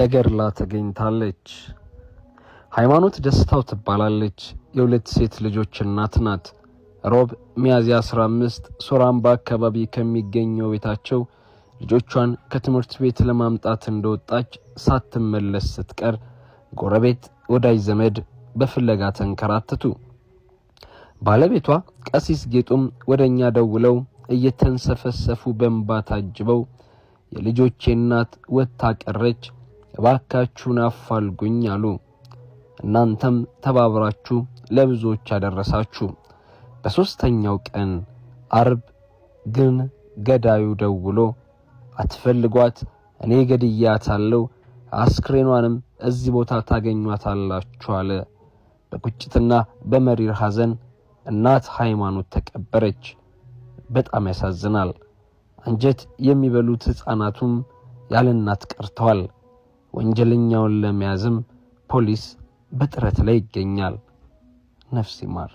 ተገድላ ተገኝታለች። ሃይማኖት ደስታው ትባላለች። የሁለት ሴት ልጆች እናት ናት። ሮብ ሚያዝያ 15 ሶራምባ አካባቢ ከሚገኘው ቤታቸው ልጆቿን ከትምህርት ቤት ለማምጣት እንደወጣች ሳትመለስ ስትቀር ጎረቤት፣ ወዳጅ ዘመድ በፍለጋ ተንከራተቱ። ባለቤቷ ቀሲስ ጌጡም ወደ እኛ ደውለው እየተንሰፈሰፉ በእንባ ታጅበው የልጆቼ እናት ወጥታ ቀረች እባካችሁን አፋልጉኝ አሉ። እናንተም ተባብራችሁ ለብዙዎች አደረሳችሁ። በሶስተኛው ቀን አርብ ግን ገዳዩ ደውሎ አትፈልጓት፣ እኔ ገድያታለሁ፣ አስክሬኗንም እዚህ ቦታ ታገኟታላችሁ አለ። በቁጭትና በመሪር ሐዘን እናት ሃይማኖት ተቀበረች። በጣም ያሳዝናል። አንጀት የሚበሉት ሕፃናቱም ያለ እናት ቀርተዋል። ወንጀለኛውን ለመያዝም ፖሊስ በጥረት ላይ ይገኛል። ነፍስ ይማር።